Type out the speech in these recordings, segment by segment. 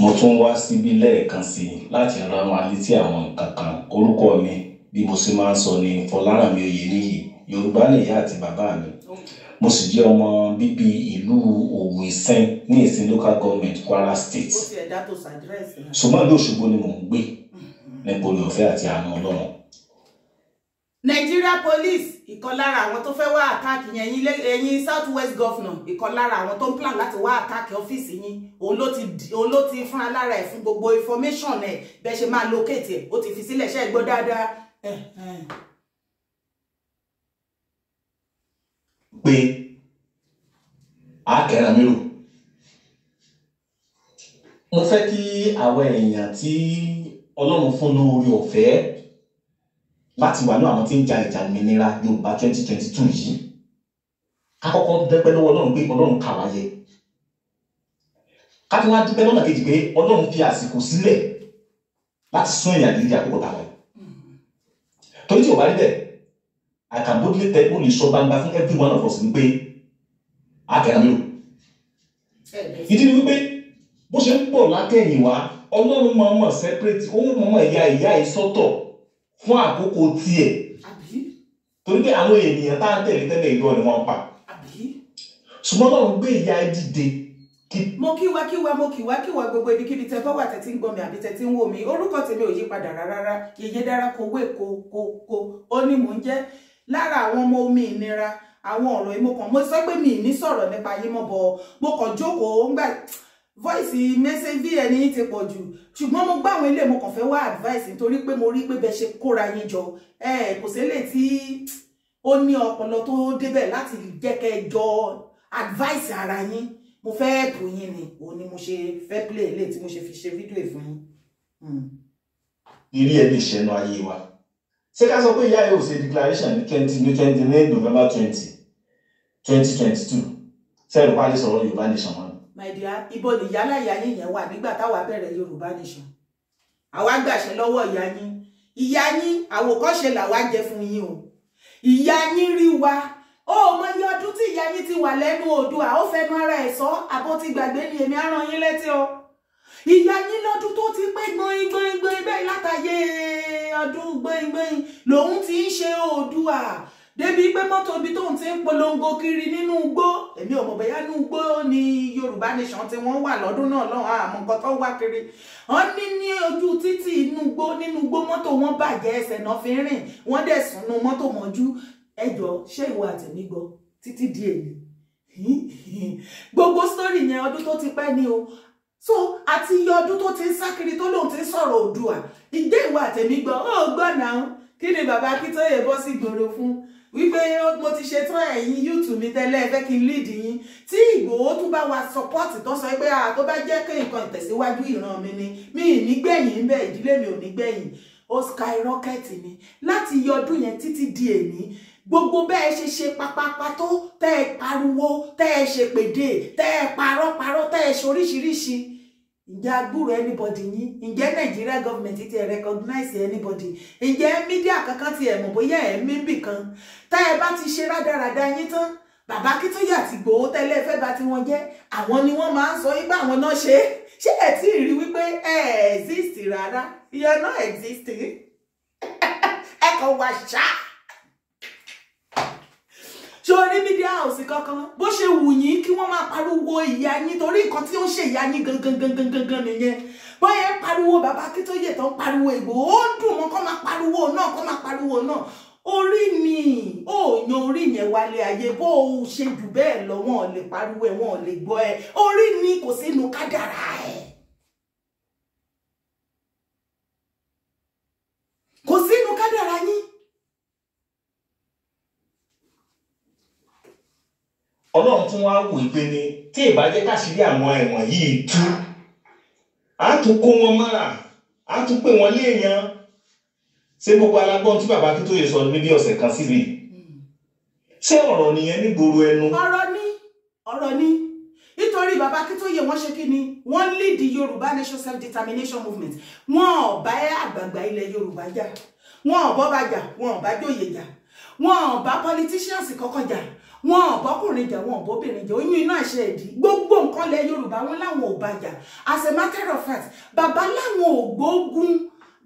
mo tún wá síbí lẹ́ẹ̀kan sí i láti rán wa létí àwọn nǹkan kan orúkọ mi bí mo ṣe máa ń sọ ni Fọlárànmí Oyèníyì Yorùbá nìyá àti bàbá mi mo sì jẹ́ ọmọ bíbí ìlú Òwú Ìsẹ́yìn ní Ìsìn local government Kwara state ṣùgbọ́n ní Òṣogbo ni mò ń gbé nípò ní ọ̀fẹ́ àti àánú Ọlọ́run Nigeria police ìkan lára àwọn tó fẹ́ wá àtàkì yẹn ẹ̀yin south west governor ìkan lára àwọn tó ń plan láti wá àtàkì ọ́fíìsì yín òun ló ti fún alára ẹ̀ fún gbogbo information ẹ̀ bẹ́ẹ̀ ṣe máa locate ẹ̀ ó ti fi sílẹ̀ ṣẹ́ gbọ́ dáadáa. pé àkẹ́rà mi rò mo fẹ́ kí àwọn èèyàn tí ọlọ́run fún lóore ọ̀fẹ́ láti wà ní àwọn tí ń ja ìjà ìmìnira yorùbá twenty twenty two yìí kakọ́kọ́ dẹ́pẹ́ lọ́wọ́ ọlọ́run pé ọlọ́run kà wá yẹ ká tún wá dúpẹ́ lọ́nà kejì pé ọlọ́run fi àsìkò sílẹ̀ láti sún ìyàn dídí àkókò táwọn torí tí o bá rí bẹ́ẹ̀ àkàbódìlé tẹ ó lè sọ gbangba fún every one of us ni pé àkàrà mi ò ìdí ni wípé bó ṣe ń pọ̀ látẹ̀yìn wá ọlọ́run mọ̀ọ́mọ̀ separate ó mọ̀ọ́mọ̀ ìyá ìyá ìsọ́tọ̀ fún àkókò tiẹ̀ torí pé àwọn ènìyàn tá à ń tẹ̀lé tẹ́lẹ̀ ìlú ọ̀nà wọn pa ṣùgbọ́n náà ń gbé ìyá dìde. mo kíwa wa mo kíwa kíwa gbogbo ibikíbi tẹ bá wà tẹ́tí ń gbọ́ mi àbí tẹ́tí ń wò mí orúkọ tèmi ò yí padà rárá yèyé dára kowó èkó kókó ó ní mò ń jẹ́ lára àwọn ọmọ omi ìnira àwọn ọ̀rọ̀ ìmọ̀kàn mo sọ pé mi ì ní sọ̀rọ̀ nípa yín mọ́ bọ̀ mo kàn jókòó ń gbà voice message bí ẹni yín ti pọ̀ jù ṣùgbọ́n mo gbá àwọn ilé mo kàn fẹ́ wá advice nítorí pé mo rí pé bẹ ṣe kóra yín jọ kò sílẹ̀ tí ó ní ọpọlọ tó débẹ̀ láti jẹ́ kẹ́ jọ advice ara yín mo fẹ́ ẹ̀pù yín ni òun mo ṣe fẹ́ play ilé tí mo ṣe fi ṣe fídíò ìfún yín. irí ẹni ìṣẹ́nu ayé wa ṣé ká sọ pé ìyá yóò ṣe declaration ní twenty ní twenty ní November twenty twenty twenty two ṣẹ́ẹ̀rù pálí sọ̀rọ̀ Yorùbá nation my dear ibo ni ìyá láyà yín yẹn wà nígbà táwa bẹ̀rẹ̀ yorùbá nation àwa gbàṣẹ lọ́wọ́ ìyá yín ìyá yín àwòkọ́ṣe làwa jẹ fún yín o ìyá yín rí wa ó mọ iye ọdún tí ìyá yín ti wà lẹ́nu oòdùà ó fẹnu ara ẹ̀ sọ àbó ti gbàgbé ni èmi á rán yín o ìyá yín lọ́dún tó ti pé gbọ́n gbọ́n gbọ́n bẹ́ẹ̀ látàyè ọdún gbọ́n gbọ́n lòun ti ń ṣe oòdùà débi pé mọ́tò ibi tóun ti ń polongo kiri nínú igbó èmi ò mọ̀ bóyá nínú ni Yorùbá Nation tí wọ́n wà lọ́dún náà lọ́hùn àmọ́ nǹkan tó wá kiri wọ́n ní ní ojú títì inú igbó nínú igbó mọ́tò wọn bàjẹ́ ẹsẹ̀ náà fi rìn wọ́n dẹ̀ sùnú mọ́tò mọ́jú ẹjọ́ ṣé ìwọ àtẹ̀mí gbọ́ títí di èyí gbogbo sórí yẹn ọdún tó ti pẹ́ ni o so àti iye ọdún tó ti ń sákiri tó lóun ti ń sọ̀rọ̀ Oòduà ìgbé ìwọ àtẹ̀mí gbọ́ ó gbọ́ náà kí ni bàbá Akíntóyè bọ́ sí ìgboro fún wípé mo ti ṣe tán ẹ̀yin yúùtù mi tẹ́lẹ̀ fẹ́ kí n lead yín tí Ìgbòho tún bá wa support tó sọ pé a tó bá jẹ́ kí nǹkan ìtẹ̀síwájú ìran mi ni mi ì ní gbẹ̀yìn ń bẹ ìdílé mi ò ní gbẹ̀yìn ó skyrocket ni láti iye ọdún yẹn títí di èmi gbogbo bẹ́ẹ̀ ṣe ṣe papapa tó tẹ́ ẹ pariwo tẹ́ ẹ ṣèpèdè tẹ́ ẹ parọ́parọ́ tẹ́ ẹ ṣoríṣiríṣi ǹjẹ́ agbúrò anybody yín ǹjẹ́ Nigeria government ti recognize anybody ǹjẹ́ media kankan ti ẹ̀mọ̀ bóyá ẹ̀mí bì kan tá ẹ bá ti ṣe rádaràda yín tán bàbá Akíntóyè àti Ìgbòho tẹ́lẹ̀ fẹ́ bà ti wọn jẹ́ àwọn ni wọ́n máa ń sọ yín pé àwọn náà ṣe é ṣé ẹ̀ tí ì rí wípé ẹ exist rárá you are not existing ẹ kàn wá ṣáá torí media house kankan bó ṣe wù yín kí wọ́n máa pariwo ìyá yín torí nǹkan tí ó ń ṣe ìyá yín gangan gangan gangan nìyẹn bóyá ń pariwo bàbá Akíntóyè tó ń pariwo Ìgbòho ó ń dùn mọ́ kó máa pariwo náà kó máa pariwo náà orí ni ó yan orí yẹn wálé ayé bó o ṣe jù bẹ́ẹ̀ lọ wọn ò lè pariwo ẹ̀ wọn ò lè gbọ́ ẹ orí ni kò sínú kádàrá ẹ̀. ọlọ́run tún wá wò pé ni tí ìbá jẹ́ káṣírí àwọn ẹ̀wọ̀n yìí tú á tún kó wọn mọ́ra á tún pè wọ́n léèyàn ṣé gbogbo alágbọ́n tí bàbá tó yẹ sọ ní bí ọ̀sẹ̀ kan síbi ṣé ọ̀rọ̀ nìyẹn nígboro ẹnu. ọ̀rọ̀ ni ọ̀rọ̀ ni nítorí bàbá akíntóye wọ́n ṣe kí ni wọ́n lead yorùbá nation self determination movement wọn ò bá àgbààgbà ilẹ̀ yorùbá jà wọn ò bọ́ba jà wọn ò jòyè jà wọn ò politicians kankan jà wọn ọ̀bọ́kùnrin jà wọn ọ̀bọ́bìnrin jà oyún iná àṣẹ ìdí gbogbo nǹkan lẹ yorùbá wọn láwọn ò bàjà as a matter of fact bàbá láwọn ò gbógun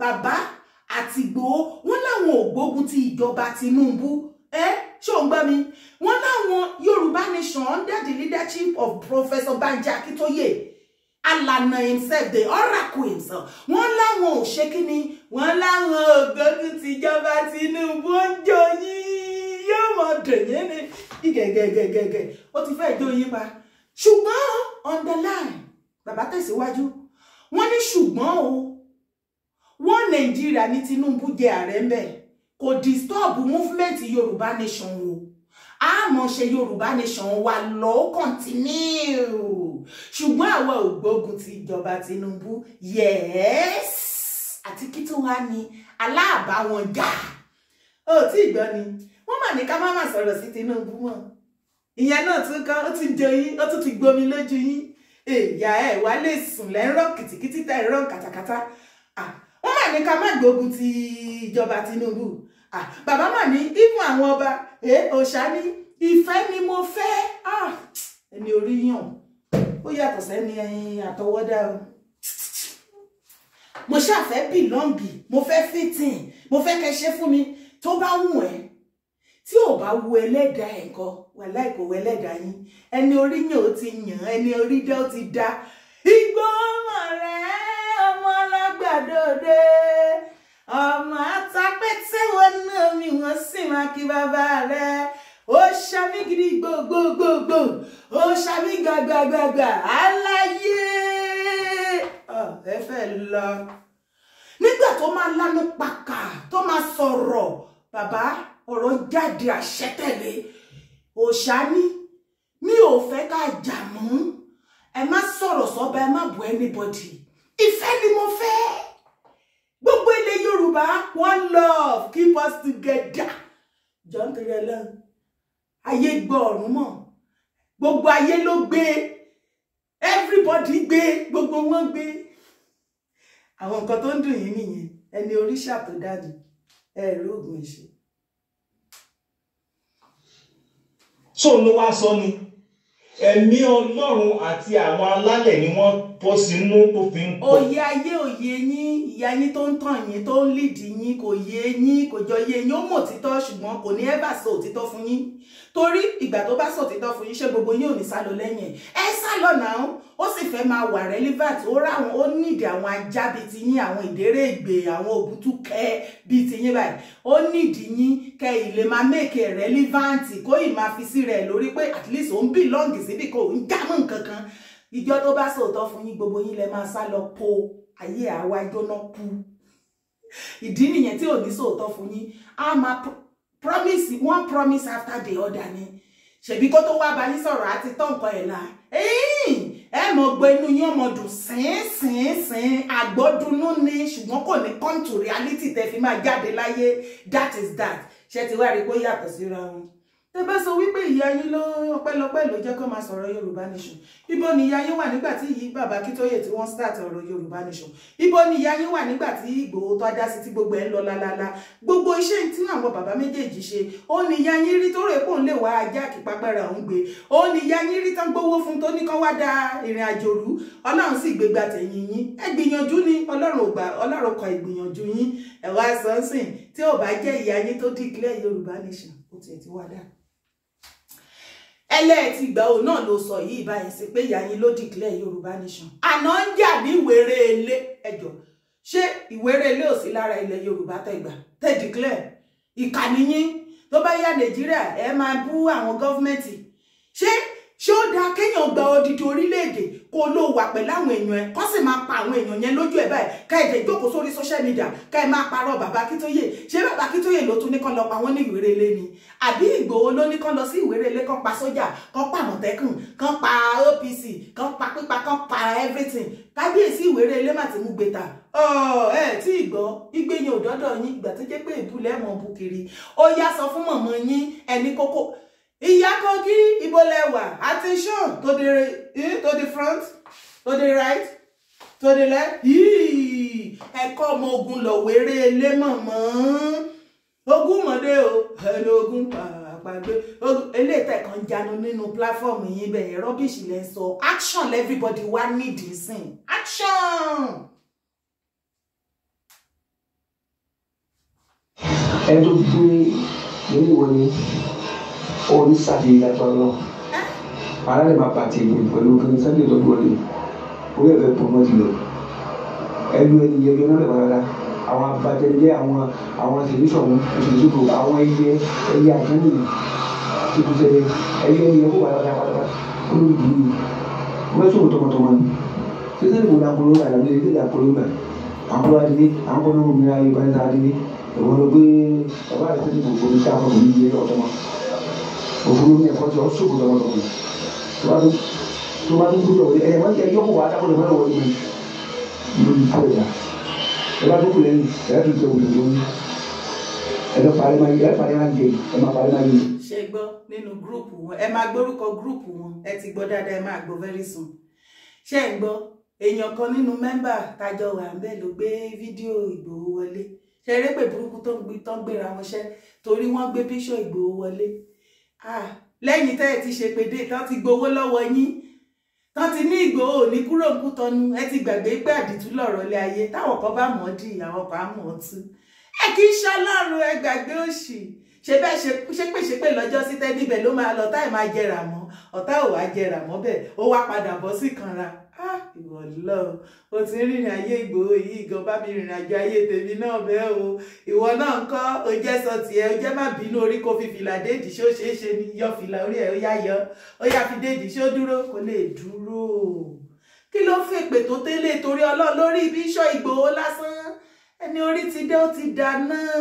bàbá àti Ìgbòho wọn láwọn ò gbógun ti ìjọba Tinubu ẹ ṣé ò ń gbọ́ mi wọn láwọn yorùbá nation under the leadership of Professor Banji Akitoye alànà himself the oracle himself wọn láwọn ò ṣe kí ni wọn láwọn ò gbógun ti ìjọba Tinubu ó ń jọ yín yóò mọ dèyí ni gẹ̀gẹ̀gẹ̀gẹ̀ ó ti fẹ́ jó yín pa ṣùgbọ́n on the line bàbá tẹ̀síwájú wọ́n ní ṣùgbọ́n o wọ́n nàìjíríà ní Tinubu jẹ ààrẹ ń bẹ̀ kò disturb movement yorùbá nation o a mọ̀ ṣe yorùbá nation wa lọ continue ṣùgbọ́n àwa ò gbógun ti ìjọba Tinubu yes àti kí tó wá ní aláàbáwọn jà ó tí ì gbọ́ ni ní ká má má sọ̀rọ̀ sí Tinubu mọ́ ìyẹn náà tún kán ó ti jẹ yín ó tún ti gbomi lójú yín èyà ẹ wá lè sùn lẹ́rọ̀ kìtìkìtì tẹ̀ ẹ̀rọ kàtàkàtà wọ́n mà ní ká má gbógun ti ìjọba Tinubu bàbá mà ní ìmú àwọn ọba òòṣà ní ìfẹ́ ni mo fẹ́ ẹni orí yàn ó yàtọ̀ sẹ́ni ẹyin àtọwọ́dá o mo ṣàfẹ́ bìlọ́ǹgì mo fẹ́ fìtìn mo fẹ́ kẹ́ ṣe fún mi tó bá wù ẹ́ tí ò bá wu ẹlẹ́dàá ẹ̀kọ́ wà láìkò wọ ẹlẹ́dàá yín ẹni orí yàn ó ti yàn ẹni orí dá ó ti dá igbó mọ̀rẹ́ ọmọ alágbàdòde ọmọ atapẹ́tẹ́ wọnú omi wọn sì máa kí bàbá rẹ ó ṣàmì gidi gbogbogbò ó ṣàmì gbàgbàgbà aláyé ẹ fẹ́ lọ nígbà tó máa lánú pàkà tó máa sọ̀rọ̀ bàbá ọ̀rọ̀ ń jáde àṣẹ́tẹ̀lé òṣà ní mi ò fẹ́ ká jà mú ẹ má sọ̀rọ̀ sọ́ba ẹ má bú anybody ìfẹ́ ni mo fẹ́ gbogbo ilẹ̀ Yorùbá one love keep us together john kirela ayé gbọ́ ọ̀run mọ̀ gbogbo ayé ló gbé everybody gbé gbogbo wọn gbé àwọn nǹkan tó ń dùn yín nìyẹn ẹni oríṣà tó dájú ẹ rí oògùn ìṣe sóun ló wá sọ ni ẹ̀mí ọlọ́run àti àwọn alálẹ̀ ni wọ́n tó sì mú tó fi ń pọ̀. òye ayé òye yín ìyá yín tó ń tàn yín tó ń lìdí yín kò yé yín kò jọ yé yín ó mọ̀ òtítọ́ ṣùgbọ́n kò ní ẹ́bà sọ òtítọ́ fún yín torí ìgbà tó bá sọ òtítọ́ fún yín ṣé gbogbo yín ò ní sálọ lẹ́yìn ẹ sálọ náà ó sì fẹ́ máa wà relevant ó ráwọn ó nídìí àwọn ajá bíi ti yín àwọn ìdérè ìgbè àwọn òbútú bíi ti yín báyìí ó nídìí yín kẹ ìlè máa make relevant kó ì máa fi sí rẹ̀ lórí pé at least ó ń belong síbi kò ń jámọ́ nǹkan kan ìjọ tó bá sòótọ́ fún yín gbogbo yín lẹ máa sá lọ po ayé àwa jóná kú ìdí nìyẹn tí ò ní sòótọ́ fún yín a máa promise one promise after the other ni ṣèbí kó tó wá bá yín sọ̀rọ̀ àti tọ́ nǹkan ẹ̀ la ẹ mọ̀ gbọ́ inú yín ọmọ dùn sínsínsín àgbọ́dúnú ni ṣùgbọ́n kò ní come reality tẹ́ fi máa jáde láyé that is that ṣe ti wá rí i pé yàtọ̀ síra wọn tẹ́ bá sọ wípé ìyá yín ló ọpẹ́lọpẹ́ ló jẹ́ kó máa sọ̀rọ̀ yorùbá nation ibo ni ìyá yín wà nígbà tí yìí bàbá Akíntóyè tí wọ́n start ọ̀rọ̀ yorùbá nation ibo ni ìyá yín wà nígbà tí Ìgbòho tó ajá sí tí gbogbo ẹ̀ ń lọ lálálá gbogbo iṣẹ́ tí àwọn bàbá méjèèjì ṣe ó ní ìyá yín rí tóró èpò ńlẹ̀ wá ajá àkìpápẹ́ra òun gbé ó ní ìyá yín rí tán gbowó fún tó ní kán wá da ìrìn àjò rú ọlọ́run sì gbégbá tẹ̀yìn yín ẹ gbìyànjú ni ọlọ́run ò gbà ọlọ́run kan ìgbìyànjú yín ẹ̀ sọ́nsìn tí ò bá jẹ́ ìyá yín tó dìklẹ́ yorùbá nation ó tiẹ̀ ti wá dáa ẹlẹ́ẹ̀tì ìgbà òun náà ló sọ yìí báyìí sí pé ìyá yín ló declare yorùbá nation àná ń jà ní ìwéré ilé ẹjọ́ ṣé ìwéré ilé ò sí lára ilẹ̀ yorùbá tẹ̀gbà tẹ̀ declare ìkànnì yín tó bá yá nàìjíríà ẹ máa bú àwọn gọ́fúmẹ́ǹtì ṣé ṣé ó dáa kéèyàn gba odidi orílẹ̀-èdè kó ló wà pẹ̀lú àwọn èèyàn ẹ̀ kọ́ sì máa pa àwọn èèyàn yẹn lójú ẹ̀ báyìí ká ẹ̀jẹ̀ jókòó sórí social media ká ẹ máa parọ́ bàbá Akíntóyè ṣé bàbá Akíntóyè ló tún ní kán lọ pa wọ́n ní ìwérelé ni àbí Ìgbòho ló ní kán lọ sí ìwérelé kán pa sójà kán pa àmọ̀tẹ́kùn kán pa OPC kán pa pípa kán pa everything kábíyèsí ìwérelé mà ti mú gbé ta ẹ tí ìgbọ́ igbe yẹn ò dọ́dọ̀ yín ìgbà tó jẹ́ pé ìbúlẹ̀ mọ̀ bukiri ó ìyá kogi ìbólẹ̀wà attention to the eh? to the front to the right to the left yìí ọmọ ogun lọ̀wéré lémọ̀mọ́ ogun mọ̀dé o ẹni ogun pàápàgbé eléyìí tẹ̀kan jánu nínú pláfọ́ọ̀mù yín bẹ̀yẹ̀ rọ́bìṣì lẹ́ sọ action everybody wá nídìí sìn action. ẹ tó gbé ìwé wọlé orí ṣàfihàn ìdájọ́ náà ara lè máa bàtì ìbò pẹ̀lú kíni sunday tó gbòde orí ẹ̀fẹ̀ tó mọ́ jùlọ ẹnu ẹni yẹn ló lọ́dọ̀ rárá àwọn abatẹ̀jẹ́ àwọn àwọn àṣẹyíṣọ̀hún òṣèlú àwọn ẹyẹ ẹyẹ àjẹmí ìtúsẹ ẹyẹ ẹyẹ kó wà lọ́dọ̀ àpàtà olóògbé yìí wọ́n sọ̀rọ̀ tọmọtọmọ ni sísẹ́ ìbò làkúrò rà làbí ilé làkúrò rà àkúrò adìní àkúrò òmìnira yorùbá ní sáà adìní ìwọ́n lọ gbé ẹ̀fọ́ àti sẹ́ni gbogbo ní sáà fọ́ọ̀mù yìí ọ̀tọ́mọ́ òfurufú ní ẹ̀kọ́ tí wọ́n sọ̀kò lọ́wọ́ lọ́wọ́ tó bá tó kúrò lọ́wọ́ ẹ̀yẹ wọ́n ti ẹ̀yọ́ kó wàá dákọ̀ lọ́wọ́ lọ́wọ́ yìí lórí tó yà ẹ bá tó kúrò lẹ́yìn ẹ̀ tó tẹ̀ wọlé lórí ẹ lọ parí máa yẹ ẹ parí máa yẹ ẹ máa parí máa yẹ. ṣe gbọ́ nínú gúrùpù wọn ẹ máa gbórúkọ gúrùpù wọn ẹ ti gbọ́ dáadáa ẹ máa gbọ́ very soon ṣe ń gbọ́ èèyàn kan nínú mẹ́mbà tájọ wà ń bẹ̀ ló gbé fídíò Ìgbòho wọlé ṣe eré pè burúkú tó ń gbéra wọn ṣẹ́ torí wọ́n gbé píṣọ̀ Ìgbòho wọlé Ah, lẹ́yìn tẹ́ ẹ ti ṣèpèdè tán ti gbowó lọ́wọ́ yín tán ti ní Ìgbòho ní kúrò ń kútọnu ẹ ti gbàgbé pé àdìtú lọ̀rọ̀ lé ayé táwọn kan bá mọ̀ ọ́ dì àwọn kan á mọ̀ ọ́ tú ẹ kì í ṣọlọ́run ẹ gbàgbé òṣì ṣe bẹ́ẹ̀ ṣépèṣépè lọ́jọ́ sí tẹ́ níbẹ̀ ló máa lọ táì máa jẹrà mọ́ ọ̀tá ò wá jẹrà mọ́ bẹ́ẹ̀ ó wá padà bọ́ sí kanra ìwọ lọ́n o ti ń rìnrìn ayé ìgbòho yìí gan bá mi rìnrìn àjò ayé tèmi náà bẹ́ẹ̀ o ìwọ náà ń kọ́ o jẹ́ sọ tiẹ̀ o jẹ́ má bínú orí kò fi fìlà déèdì ṣó ṣeé ṣe ni yọ fìlà orí ẹ̀ ó yá yọ ó yá fi déèdì ṣó dúró kò lè dúró kí ló ń fèpè tó tẹ́lẹ̀ torí ọlọ́run lórí ibi iṣọ́ ìgbòho lásán ẹni orí ti dé ó ti dà náà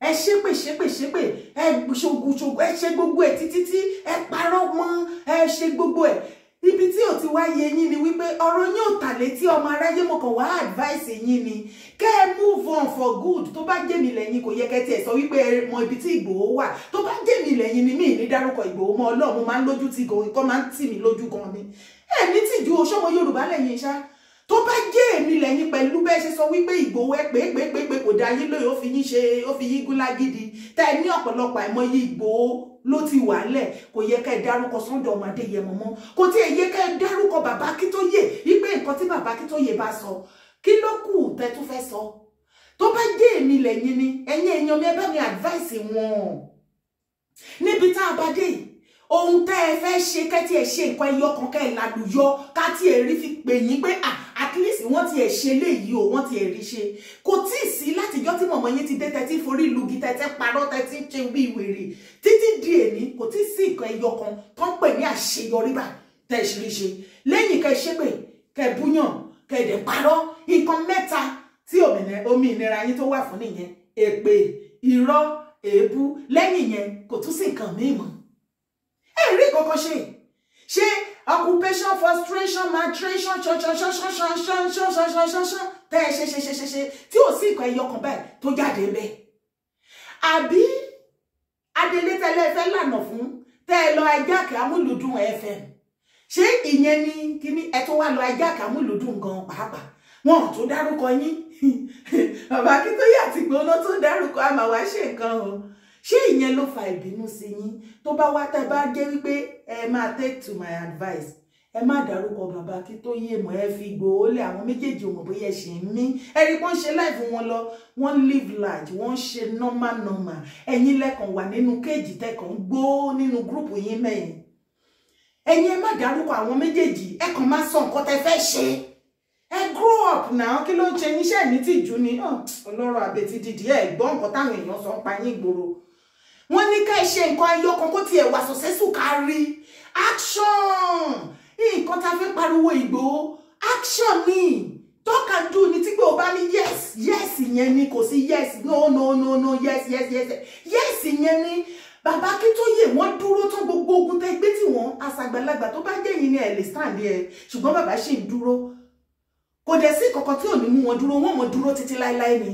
ẹ ṣépè ṣépè ṣépè ẹ ṣogun ṣogun ẹ ṣe gbogbo ẹ títí tí ẹ parọ́ mọ́ ẹ ṣe gbogbo ẹ wá yé yín ni wípé ọ̀rọ̀ yín ò tà létí ọmọ aráyé mo kàn wá advice yín ni kẹ́ ẹ move on for good tó bá jẹ́ mi lẹ́yìn kò yẹ kẹ́ tiẹ̀ sọ wípé ẹ mọ ibi tí Ìgbòho wà tó bá jẹ́ mi lẹ́yìn ni mí ní dárúkọ Ìgbòho mọ́ Ọlọ́run mo máa ń lójú ti gan nǹkan máa ń tì mí lójú gan ni ẹ ní tìjú o ṣọmọ Yorùbá lẹ́yìn ṣá tó bá jẹ́ èmi lẹ́yìn pẹ̀lú bẹ́ẹ̀ ṣe sọ wípé Ìgbòho ẹ pé pé pé pé kò dá yín lóye ó fi yín ṣe ó fi yín gúnlágídí tá ẹ ní ọ̀pọ̀lọpọ̀ àìmọye Ìgbòho ló ti wà lẹ̀ kò yẹ ká ẹ dárúkọ Sunday ọmọ Adéyẹmọ mọ́ kò tí ẹ yẹ ká ẹ dárúkọ bàbá Akíntóyè wípé nǹkan tí bàbá Akíntóyè bá sọ kí ló kù tẹ́ tún fẹ́ sọ tó bá dé èmi lẹ́yìn ni ẹ̀yin èèyàn mi ẹ bá mi advice wọn níbi tá a bá dé yìí ohun tẹ́ ẹ fẹ́ ṣe kẹ́tí ẹ ṣe nǹkan ẹyọ kan kẹ́ ẹ lálùyọ ká tí ẹ rí fi pè yín pé ah at least wọ́n ti ẹ̀ ṣe léyìí o wọ́n ti ẹ̀ rí ṣe kò tí ì sí látijọ́ tí mọ̀mọ́ yín ti dé tẹ́tí forí lugi tẹ́tí parọ́ tẹ́tí ṣe bí wèrè títí di èmi kò tí ì sí nǹkan ẹyọ kan tó ń pè ní àṣeyọrí bá tẹ́ ṣe rí ṣe lẹ́yìn kẹ́ ṣépè kẹ́ búyàn kẹ́ dẹ̀ parọ́ nǹkan mẹ́ta tí òmìnira yín tó wà fún nìyẹn èpè irọ́ èébú lẹ́yìn yẹn kò tún sí nǹkan míì mọ́ ẹ rí kankan ṣe ṣé occupation frustration maturation ṣanṣanṣanṣanṣanṣanṣanṣanṣan tẹ́ ẹ ṣe ṣe ṣe ṣe ṣe tí ò sí ìkọ ẹyọ kan báyìí tó jáde ń bẹ àbí adelé tẹlẹ fẹ́ lànà fún tẹ́ ẹ lọ ẹgbẹ́ àkè amúlùdùn fm ṣé ìyẹn ni kíní ẹ tó wá lọ ẹgbẹ́ àkè amúlùdùn gan pàápàá wọn ò tó dárúkọ yín bàbá Akíntóyè àtìgbóná tó dárúkọ àmàwá ṣe nǹkan o ṣé ìyẹn ló fa ìbínú sí yín tó bá wá tẹ́ bá jẹ́ wípé ẹ máa take to my advice ẹ má dárúkọ bàbá kí tó yé mọ ẹ fi gbòó lé àwọn méjèèjì òmò bóyá ẹ ṣì ń mí ẹni wọ́n ṣe láìfún wọn lọ wọ́n live large wọ́n ṣe normal normal ẹ̀yin lẹ́kàn wà nínú kéèjì tẹkàn gbó nínú gúrùpù yín mẹyìn ẹ̀yin ẹ má dárúkọ àwọn méjèèjì ẹ kàn má sọ nǹkan tẹ́ fẹ́ ṣe ẹ grow up náà kí ló ń ṣe níṣẹ́ ní tìjú ni ọlọ́rọ̀ àbètì dìdí ẹ gbọ́ nǹkan táwọn èèyàn sọ ń pa yín gbòòrò wọ́n ní ká ṣe nǹkan ẹyọ kan kó tiẹ̀ wà successful kárí action nǹkan tá a fẹ́ pariwo Ìgbòho action ni talk and do ni tí gbòho bá ní yes yes yẹn ni kò sí yes no no no no yes yes yes yes yẹn ni bàbá Akíntóyè wọ́n dúró tán gbogbo ogun tẹ́ gbé tí wọ́n àṣàgbàlagbà tó bá jẹ́ yìí ni ẹ̀ lè stand ẹ̀ ṣùgbọ́n bàbá ṣì ń dúró kò dẹ̀ sí kankan tí ò ní mú wọn dúró wọ́n mọ̀ dúró títí láéláé ni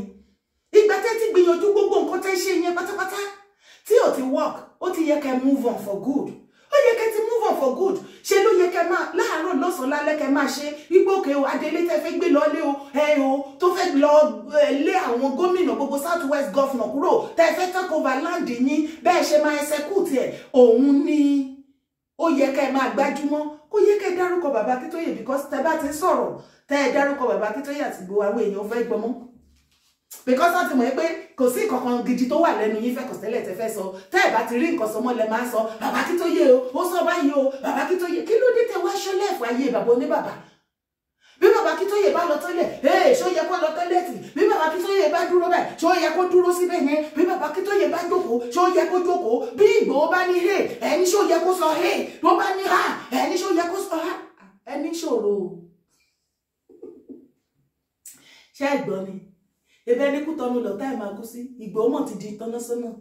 ìgbà tẹ́ ti gbìyànjú gbogbo nǹkan tẹ́ ṣe yẹn pátápátá tí ò ti work ó ti yẹ kẹ́ move on for good ó yẹ kẹ́ ti move on for good ṣe ló yẹ kẹ́ máa láàárọ̀ lọ́sàn-án lálẹ́ kẹ́ máa ṣe wípé o adélé tẹ́ fẹ́ gbé lọ́lé o ẹ o tó fẹ́ lọ lé àwọn gómìnà gbogbo south west governor kúrò tẹ́ fẹ́ take over land yín bẹ́ẹ̀ ṣe máa execute ẹ̀ òun ni ó yẹ kẹ́ máa gbájúmọ́ kó yẹ kẹ́ dárúkọ bàbá Akíntóyè because tẹ́ bá ti sọ̀rọ̀ tẹ́ dárúkọ bàbá Akíntóyè àtìgbò àwọn èèyàn fẹ́ gbọmọ́ because wọ́n ti mọ̀ pé kò sí nǹkan gidi tó wà lẹ́nu yín fẹ́ kò tẹ́lẹ̀ tẹ́ fẹ́ sọ tẹ́ ẹ̀ bá ti rí nǹkan sọ mọ́ lẹ máa sọ bàbá kí tó yé o ó sọ báyìí o bàbá kí tó yé kí ló dé tẹ wá ṣọlẹ̀ fún ayé bàbá oníbàbà bí bàbá kí tó yé bá lọ tọ́lẹ̀ ee ṣó yẹ kó lọ tọ́lẹ̀tì bí bàbá kí tó yé bá dúró báyìí ṣó yẹ kó dúró síbẹ̀ yẹn bí bàbá kí tó yé bá jókòó ṣó yẹ kó jókòó bí Ìgbòho bá ní hey ẹni ṣó yẹ kó sọ hey ló bá ní ha ẹni ṣó yẹ kó sọ ha ẹni ṣòro ṣé ẹ̀gbọ́n mi ebe ẹni kú tọ́nu lọ́tà ẹ̀ máa kú sí Ìgbòho mọ̀ ti di international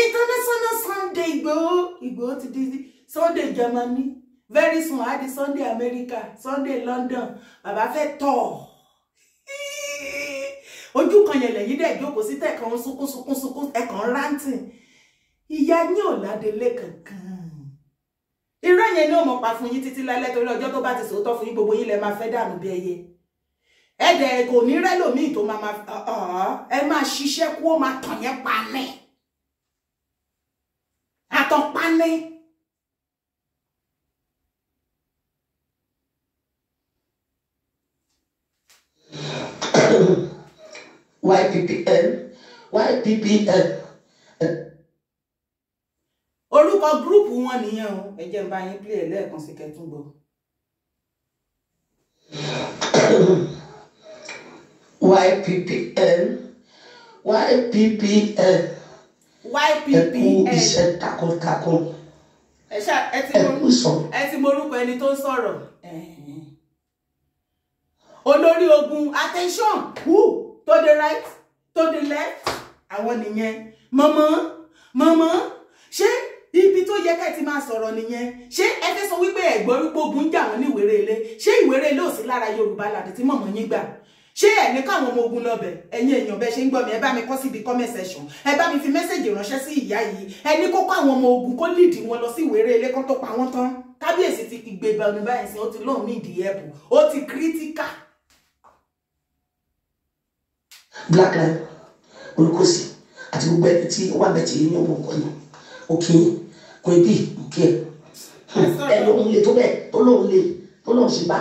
international Sunday Ìgbòho Ìgbòho ti di Sunday Germany very soon á di Sunday America Sunday London bàbá fẹ́ tọ̀ ojú kan yẹn lẹ́yìn dẹ̀ jókòó sí tẹ̀kan sunkún sunkún sunkún ẹ̀kan ranting ìyá ní ọ̀làdélé kankan irọ́ yẹn ni ó mọ̀ pa fún yín títí lálẹ́ torí ọjọ́ tó bá ti sòótọ́ fún yín gbogbo yín lẹ máa fẹ́ dànù bí ẹyẹ ẹ̀dẹ̀ kò ní rẹ́lòmíì tó máa ẹ máa ṣiṣẹ́ kú ó máa tàn yẹn panẹ́ àtàn panẹ́. YPPN YPPN. orúkọ gúrúùpù wọn nìyẹn o ẹ jẹ́ n bá yín pílẹ̀ lẹ́ẹ̀kan sí kẹ́tùn gbọ́. YPPN YPPN YPPN ẹkú iṣẹ́ takuntakun ẹkú sọ. ẹ ti morúkọ ẹni tó ń sọ̀rọ̀ olórí ogun attention who to the right to the left àwọn nìyẹn mọ̀mọ́ mọ̀mọ́ ṣé ibi tó yẹ ká ti máa sọ̀rọ̀ nìyẹn ṣé ẹ fẹ́ sọ wípé ẹ̀gbọ́n gbógun jà wọ́n ní ìwéré ilé ṣé ìwéré ilé ò sí lára Yorùbá làdí tí mọ̀mọ́ yín gbà ṣé ẹni káwọn ọmọ ogun lọbẹ ẹ̀yin èèyàn bẹ ṣe ń gbọ́ mi ẹ bá mi kọ síbi comment section ẹ bá mi fi mẹsẹgì ránṣẹ́ sí ìyá yìí ẹni kó kó àwọn ọmọ ogun kó lead wọn lọ sí ìwéré ilé kan tó pa wọn tán kábíyèsí ti gbé bẹnu báyìí sí ó ti lóun ní ìdí ẹbù ó ti critical. black line olùkọ́sí àti gbogbo ẹni tí ó wà bẹ́ẹ̀ tí yín yóò kọ́ ni òkè kò ebí òkè ẹ lóun le tó bẹ́ẹ̀ tó lóun le tó lóun ṣe bá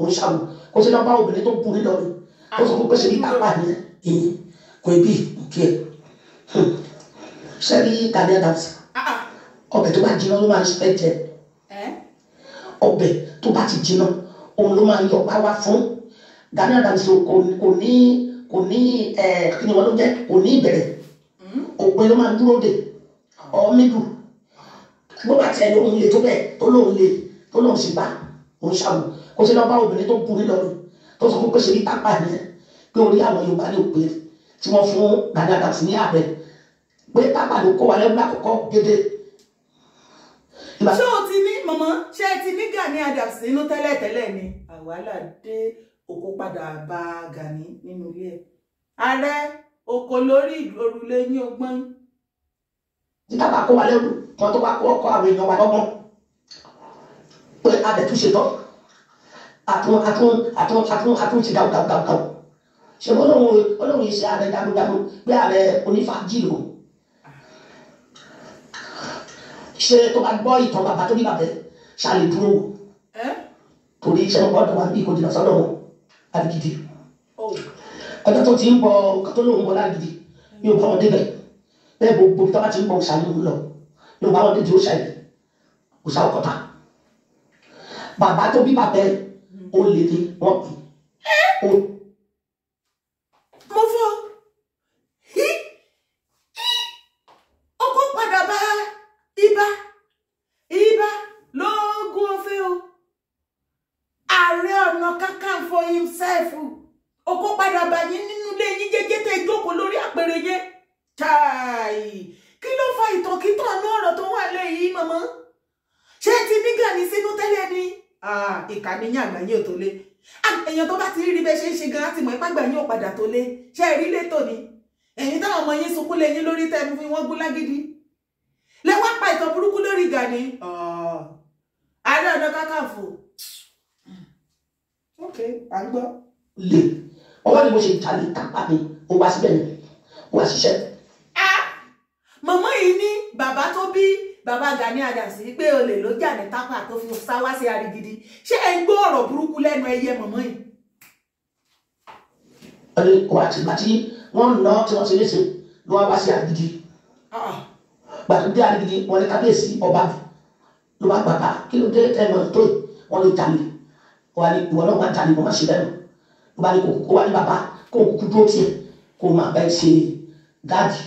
òun ṣàwò kó ó sọ pé ṣe bí kápá ni èyí kò ebi nkí ẹ ṣe rí tani adams ọbẹ̀ tó bá jiná ló máa ń fẹ́ jẹ ọbẹ̀ tó bá ti jiná òun ló máa ń yọpá wá fún Gani Adams kò ní kò ní ẹ eh, kí ni wọn ló jẹ kò ní ìbẹ̀rẹ̀ òpin ló máa ń dúró dè ọ mídù bó bá tiẹ̀ lóun lè tó bẹ́ẹ̀ tó lóun lè tó lóun sì bá òun ṣàwò kó sì lọ bá obìnrin tó bu nílọrin tó sọ fún pé ṣe ní tápà nìyẹn pé orí àwọn Yorùbá lè pé tí wọ́n fún Gani Adams ní ààrẹ pé tápà ló kó wa lẹ́nu lákòókò gédé. ṣé o ti ní màmá ṣé ẹ ti ní Gani Adams nínú tẹ́lẹ̀tẹ́lẹ̀ ni àwàlà dé òkú padà bá Gani nínú ilé ẹ̀ ààrẹ oko lórí òrùlé ní ọgbọ́n. ní tápà kó wa lẹ́nu wọn tó bá kó ọkọ àwọn èèyàn wa lọ́gbọ́n pé a tún ṣe tán àtún àtún àtún àtún àtún ti dàwù dàwù dàwù dàwù ṣùgbọ́n olóhùn olóhùn yìí ṣe ààrẹ dàgbùdàgbù bí ààrẹ onífàájìlò ṣe tó bá gbọ́ ìtàn bàbá tó bí bàbá ṣàlè dúró torí ṣe ń bọ́ ọ̀dọ̀ wa bí kò jìnnà sọ́dọ̀ wọn àdìgìdì oh. ọjọ́ tó ti ń bọ ọkọ̀ tó lóun bọ láàgìdì yóò bá wọn débẹ̀ bẹ́ẹ̀ gbogbo tó bá ti ń bọ òṣà yóò lọ yóò bá wọn dé ti òṣà òṣà ọkọ̀ta bàbá tó bí bàbá ó lè ní wọ́n ìka ní yín àgbà yín ò tó lé ah, èèyàn tó bá ti rí bẹ́ẹ̀ ṣe ń ṣe gan láti mọ̀ ipá àgbà yín ò padà tó lé ṣé ẹ rí létò ni ẹ̀yin táwọn ọmọ yín sunkún lé yín lórí tẹ́ẹ̀mú fi wọ́n gún lágídí lẹ́wọ́n pa ìtàn burúkú lórí Gani Ààrẹ Ọ̀nà Kakanfò hmm. ok à ń gbọ́. lè ọwọ́ ni mo ṣe jalè kápá mi mo wá síbẹ̀ ni mo wá ṣiṣẹ́. Ah! màmá yìí ní bàbá tó bí bàbá Gani Adams wípé olè ló jà ní tápà tó fi sáwá sí arigidi ṣé ẹ ń gbọ́ ọ̀rọ̀ burúkú lẹ́nu ẹyẹ mọ̀mọ́ yìí. ọdún wa ti gbà tí wọ́n ń lọ tí wọ́n ṣe léṣe ló wá wá sí arigidi ah, ah. gbàdúgbò arigidi wọn ní kábíyèsí ọba ló wá gbàgbà kí ló dé ẹ̀ mọ̀ tó wọn lè jalè wọn ni ìwọ náà wá jalè wọn má ṣe bẹ́ẹ̀ lọ wọn ni bàbá kó kú dúró tiẹ̀ kó má bẹ́ẹ̀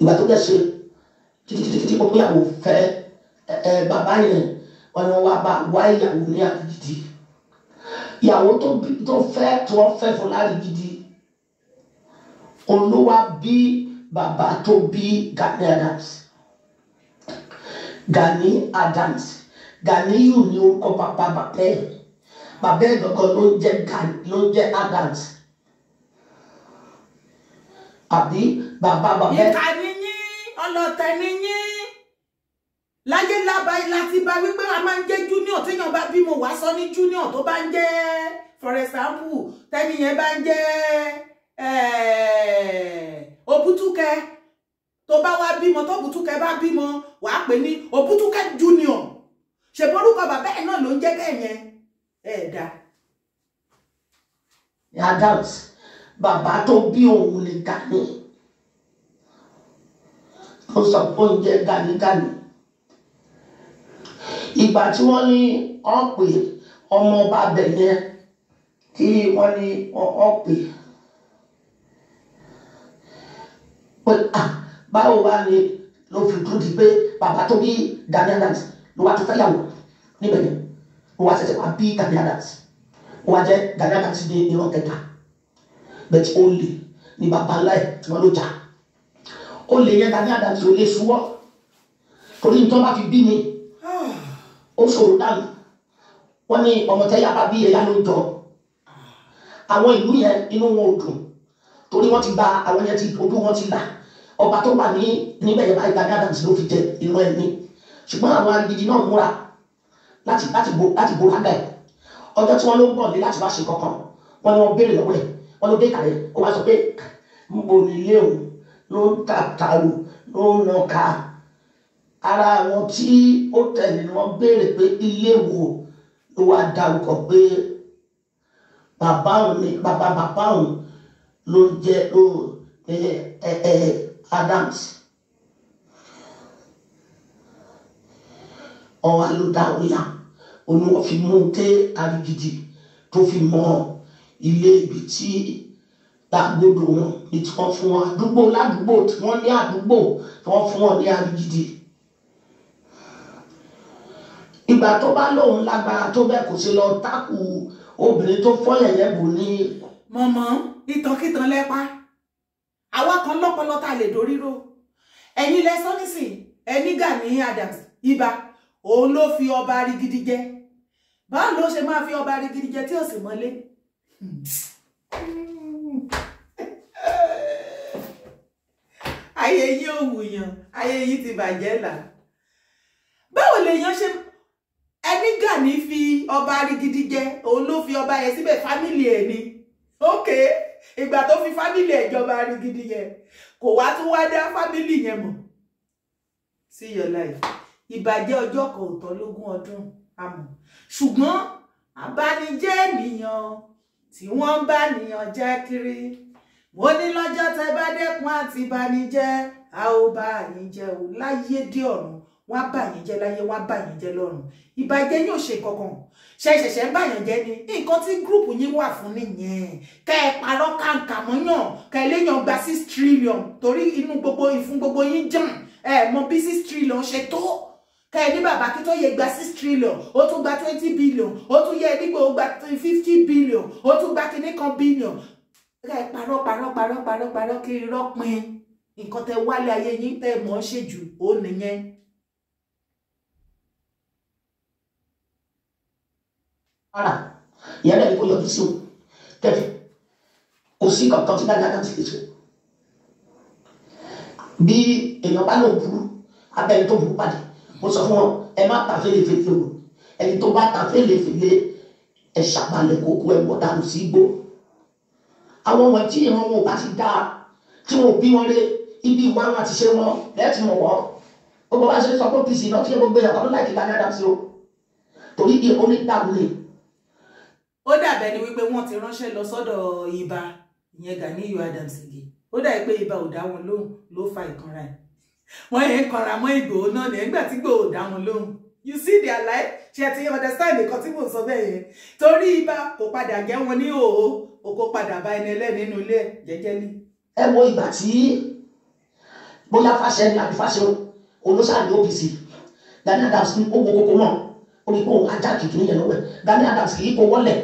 ìgbà tó dẹ̀ ṣe títítítí mo pé àwọn fẹ́ ẹ bàbá yẹn ọ̀nà wa bá wá ìyàwó ní àdìdì ìyàwó tó fẹ́ tó fẹ́ fún láti gidi olówá bí bàbá tó bí Gani Adams Gani Adams Gani yìí ni orúkọ bàbá bàbá ẹ̀ bàbá ẹ̀ gangan ló ń jẹ́ Gani ló ń jẹ́ Adams àbí bàbá bàbá ẹ̀ ọlọ́tẹ̀ ni yín láyé lába láti bá wípé a máa ń jẹ́ junior téèyàn bá bímọ wá sọ ní junior tó bá ń jẹ́ for example tẹ́ni yẹn bá ń jẹ́ òbútúkẹ eh, tó bá wá bímọ tó òbútúkẹ bá bímọ wàá pè ní òbútúkẹ junior ṣèbórúkọ bàbá ẹ̀ náà ló ń jẹ́ bẹ́ẹ̀ yẹn ẹ̀ẹ́dá. adult bàbá tó bí òun lè dání ó sọ pé ó ń jẹ́ dánidáni ìgbà tí wọ́n ní ọ̀pẹ ọmọọba bẹ̀ yẹn tí wọ́n ní ọ̀pẹ pé báwo wá ni ló fi dúró di pé bàbá tó bí Gani Adams ló wá tó fẹ́ yàwó níbẹ̀ yẹn ó wá ṣẹ̀ṣẹ̀ wá bí Gani Adams ó wá jẹ́ Gani Adams ní irọ́ kẹta bẹ́ẹ̀ tí ó lè ní bàbá ńlá ẹ̀ tí wọ́n ló jà á ó lè yẹ Gani Adams ò lè suwọ́ torí nítorí bá fi bí ni ó ṣòro dànù wọ́n ní ọmọ tẹ́yà bá bí ẹ̀yà ló ń jọ àwọn ìlú yẹn inú wọn ò dùn torí wọ́n ti gba àwọn yẹn ti ojú wọn ti là ọba tó wà ní níbẹ̀ yẹn báyìí Gani Adams ló fi jẹ inú ẹ̀ ní ṣùgbọ́n àwọn agidi náà múra láti láti bo láti bo ẹ̀ ọjọ́ tí wọ́n ló ń bọ̀ ní láti wá ṣe kankan wọ́n ní wọ́n béèrè lọ́wọ́ ẹ̀ wọ́n ló dé kàlẹ́ ó sọ pé mo nílé òun ló ń tàtàrò ló ń nàka ara àwọn tí ó tẹ̀lé ni wọ́n béèrè pé ilé wo ló wá dárúkọ pé bàbá òun ni bàbá bàbá òun ló ń jẹ ló ẹ ẹ Adams ọwọ́ ló dá òyà òun ni wọ́n fi mú un dé àrígidì tó fi mọ ilé ibi tí gbàgbódò wọn ní tí wọ́n fún wọn àdúgbò ládùúgbò tí wọ́n ní àdúgbò tí wọ́n fún wọn ní agídí. ìgbà tó bá lóun lágbára tó bẹ́ẹ̀ kò sí lọ tákù obìnrin tó fọ́lẹ̀ lẹ́bù ní. mọ̀mọ́ ìtànkìtàn lẹ́pa àwa kan lọ́pọlọ tá a lè dóríró ẹ̀yin lẹ́sán nísìn ẹni Gani Adams ibà òun ló fi ọba rigidi jẹ báwo ló ṣe máa fi ọba rigidi jẹ tí ò sì mọ́lé. Mm-hmm. ayé yín ò wùyàn ayé yín ti bàjẹ́ là báwo lèèyàn ṣe ẹni Gani fi ọba rigidi jẹ òun ló fi ọba yẹn síbẹ̀ fámìlì ẹ̀ ni ókè ìgbà tó fi fámìlì ẹ̀ jọba rigidi yẹn kò wá tún wá dá fámìlì yẹn mọ̀ see your life ìbàjẹ́ ọjọ́ kan ò tán lógún ọdún àmọ́ ṣùgbọ́n abánijẹ́ ènìyàn tí wọ́n ń bá nìyàn jẹ́ kiri mo ní lọ́jọ́ tẹ bá dẹ́kun àti ìbànújẹ́ a ó bá yín jẹ́ o láyé dé ọ̀run wọ́n á bà yín jẹ́ láyé wọ́n á bà yín jẹ́ lọ́run ìbàjẹ́ yóò ṣe kankan ṣẹ̀ṣẹ̀ṣẹ̀ ń bàyàn jẹ́ ni nǹkan tí gúrùpù yín wà fún nìyẹn kẹ́ ẹ parọ́ kàǹkà mọ́yàn kẹ́ ẹ léyàn six trillion torí inú gbogbo ìfún gbogbo yín jàn ẹ mọ bí six trillion ṣe tó kẹ́ ẹ ní bàbá kí tó yẹ gba six trillion ó tún gba twenty billion ó tún yẹ nígbà ó gba fifty billion ó tún gba kíní kan billion ká ẹ parọ́ parọ́ parọ́ parọ́ parọ́ kí irọ́ pin nǹkan tẹ wálé ayé yín tẹ mọ̀ ọ́ ṣe jù ó nìyẹn. ara ìyá rẹ̀ kò yọjú sí o tẹ́fì kò sí kankan tí dáadáa náà ti lè ṣe. bí èèyàn bá lò burú abẹ́rẹ́ tó burú pàdé mo sọ fún wọn ẹ má ta fèlèfèlè o ẹni tó bá ta fèlèfèlè ẹ ṣàgbàlẹ̀ kókó ẹ wọ̀ dànù sí igbó àwọn ọmọ tí ìran wọn ò bá ti dáa tí wọn ò bí wọn lé ibi ìwà wọn àti ṣe wọn lẹ́tì mọ̀ wọ́n ó bọ́ bá ṣe sọ pé pc náà tí ẹ gbogbo ìyàwó láì kíkà ní adams o torí pé ó ní dàgbélé. ó dàbẹ̀ ni wípé wọ́n ti ránṣẹ́ lọ sọ́dọ̀ ibà ìyẹn Ganiyu Adams gé ó dàbí pé ibà ò dá wọn lóhùn ló fa ìkanra ẹ̀ wọ́n yẹn kanra mọ́ Ìgbòho náà nígbà tí Ìgbòho dá wọn lóhùn you see their life ṣe ti understand nǹkan tí mò ń sọ bẹ́ẹ̀ yẹn torí ibà kò padà gẹ́ wọn ní òòó o kó padà bá ẹni ẹlẹ́ni nínú ilé ẹ̀ jẹ́jẹ́ ní. ẹ wo ìgbà tí bóyá fàṣẹ ni àbí fàṣẹ olóṣàlẹ̀ OPC Gani Adams ní owó kókó náà ó ní kó ajá kìkì yẹn lọ́wọ́ Gani Adams kì í kó wọlé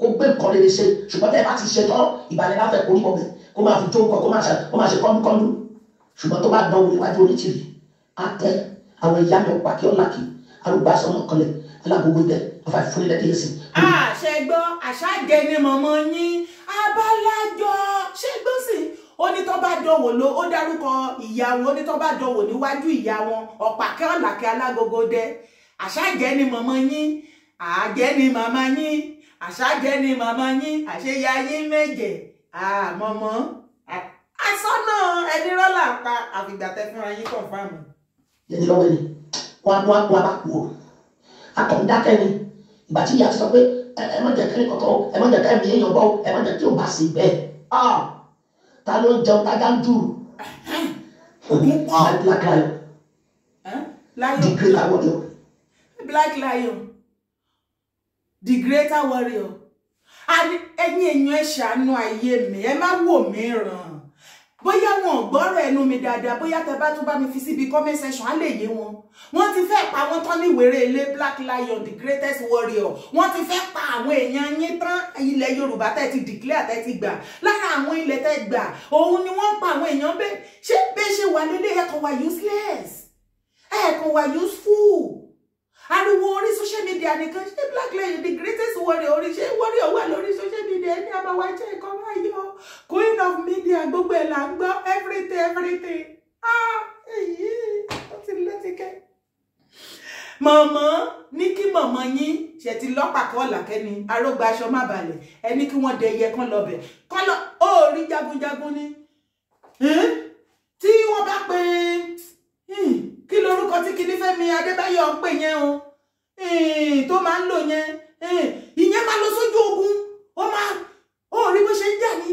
kó gbé nǹkan rere ṣe ṣùgbọ́n tẹ́ ẹ bá ti ṣe tán ìbàlẹ̀ láfẹ̀ kó níbọ̀ bẹ̀ kó máa fi tó nǹkan kó máa ṣe kọ́ńdúkọ́ńdú ṣùgbọ́n tó bá dán wò níwájú onítìrì àtẹ àwọn ìyá mi ọ̀pá kí ọ̀làkì arúgbó asọ́nà kọlẹ̀ alábòógbé bẹ́ẹ̀ ọba ìfúnni lẹ́tí yẹn sí. àṣẹ gbọ́ àṣà gẹ̀ẹ́ni mọ̀mọ́ yín abálájọ ṣé gbọ́ sí ó ní tó bá dọ̀wọ̀ ló ó dárúkọ ìyá wọn ó ní tó bá dọ̀wọ̀ níwájú ìyá wọn ọ̀pàkẹ́ ọ̀làkẹ́ alágogo dẹ àṣàjẹ́ ni màmá yín àjẹ́ ni màmá yín àṣàjẹ́ ni màmá yín àṣeyà yín méje àmọ́mọ́ asọ́nà ẹni rọ́là pa àfìgbà tẹ fúnra yín kàn fáàmù. yẹn lọ́wọ́ ni wọ́n á wá kú abá kú o akọ̀ ń dákẹ́ ni ìgbà tí ìyá sọ pé ẹ má jẹ kí ní kọkọ ẹ má jẹ ká ẹmí èèyàn bọ ẹ má jẹ kí o bá sí bẹ́ẹ̀ a ta ló ń jẹun tájà ń dùn black lion di great warrior. black lion di greater warrior ẹ̀yin èèyàn ẹ ṣàánú ayé mi ẹ má wò mí ràn bóyá wọn ò gbọ́rọ̀ ẹnu mi dáadáa bóyá tẹ bá tún bá mi fi síbi comment section á lè yé wọn wọ́n ti fẹ́ pa wọ́n tán ní wèrè ilé black lion the greatest warrior wọ́n ti fẹ́ pa àwọn èèyàn yín tán ilẹ̀ yorùbá tẹ́ ti declare tẹ́ ti gbà lára àwọn ilẹ̀ tẹ́ gbà òun ni wọ́n pa àwọn èèyàn bẹ́ẹ̀ ṣé bẹ́ẹ̀ ṣe wà lélẹ̀ ẹ̀kan wà useless ẹ̀kan wà useful ariwo orí social media nìkan ṣé black lady the greatest warrior orí ṣé warrior wà lórí social media ẹni àbáwá jẹ́ ẹ̀kọ́ wáyé o queen of media gbogbo ẹ̀ là ń gbọ́ everything everything ah èyí ó ti lẹ́tìkẹ́ mọ̀mọ́ ní kí mọ̀mọ́ yín ṣètì lọ́pàkọ́ làkẹ́ni arógbáṣọ má balẹ̀ ẹni kí wọ́n dẹyẹ kán lọ́bẹ̀ kọ́lọ́ ó rí jagunjagun ni tí wọ́n bá pe hmm, kí lorúkọ tí kinní Fẹ́mi Adébáyọ̀ ń pè yẹn o tó máa ń lò yẹn ìyẹn máa lọ sójú ogun ó máa ó rí bó ṣe ń jà ní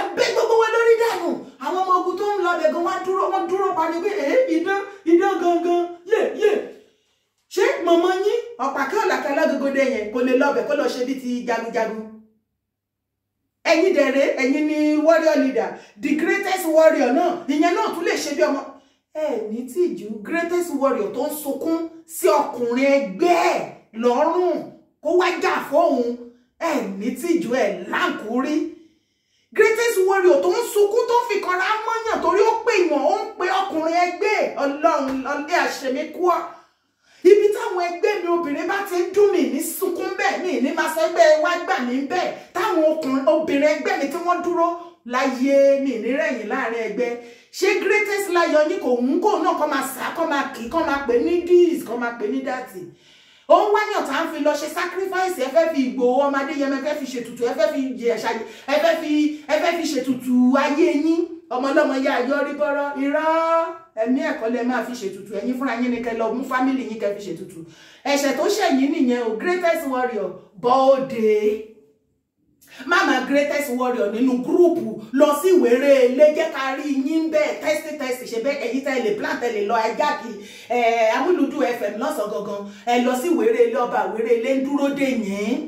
abẹ́ gbogbo wọn lórí dànù àwọn ọmọ ogun tó ń lọ bẹ̀gàn wá dúró wọn dúró pa pé idán idán gangan yé yé ṣé mọ̀mọ́ yín ọ̀pá ọ̀làkà lọ́gọ́gọ́dẹ yẹn kò lè lọ́bẹ̀ kó lọ ṣe bí ti jagunjagun ẹ̀yin dẹ̀rẹ̀ ẹ̀yin ni warrior leader the greatest warrior náà ìyẹn náà tún lè ṣe bí ọmọ ẹ ní tìjú greatest warrior tó ń sunkún sí ọkùnrin ẹgbẹ́ ẹ̀ lọ́rùn kó wá jà fóun ẹ ní tìjú ẹ láǹkórí greatest warrior tó ń sunkún tó fi kanra mọ́yàn torí ó pè yàn ó ń pe ọkùnrin ẹgbẹ́ ọlọ́run ọlẹ́ àṣemíkúọ́ ibi táwọn ẹgbẹ́ mi obìnrin bá ti ń dún mi ní sunkún bẹ́ẹ̀ mi ní máa sọ ẹgbẹ́ wá gbà mí bẹ́ẹ̀ táwọn obìnrin ẹgbẹ́ mi tí wọ́n dúró láyé mi nírẹ̀yìn láàrin ẹgbẹ́ ṣé greatest láyọ̀ yín kò mú kó náà kọ́ máa sá kọ́ máa kì í kọ́ máa pè ní dis kọ́ máa pè ní dàtì ó ń wáyàn tá ń fi lọ ṣe sacrifice ẹ fẹ́ fi Ìgbòho ọmọdé yẹn ẹ fẹ́ fi ṣètùtù ẹ fẹ́ fi yẹ̀ṣà ẹ fẹ́ fi ẹ fẹ́ fi ṣètùtù ayé yín ọmọlọ́mọ yá yọrí bọ́rọ́ irọ́ ẹ̀mí ẹ̀kọ́ lẹ máa fi ṣètùtù ẹ̀yin fúnra yín ni kẹ lọ mú fámìlì yín kẹ fi ṣètùtù ẹ̀ṣẹ̀ tó ṣẹ̀yìn nìyẹn o greatest warrior bọ́ọ̀dẹ̀ mama greatest warrior nínú gúrùpù lọ sí ìwéré ilé jẹ́ ká rí yín bẹ́ẹ̀ tẹ́sí tẹ́sí ṣe bẹ́ẹ̀ èyí tẹ́ lè plan tẹ́lẹ̀ lọ ẹgbàgì amúlùdù fm lọ́sàn gangan ẹ lọ sí ìwéré ilé ọba ìwéré ilé ń dúró dè yín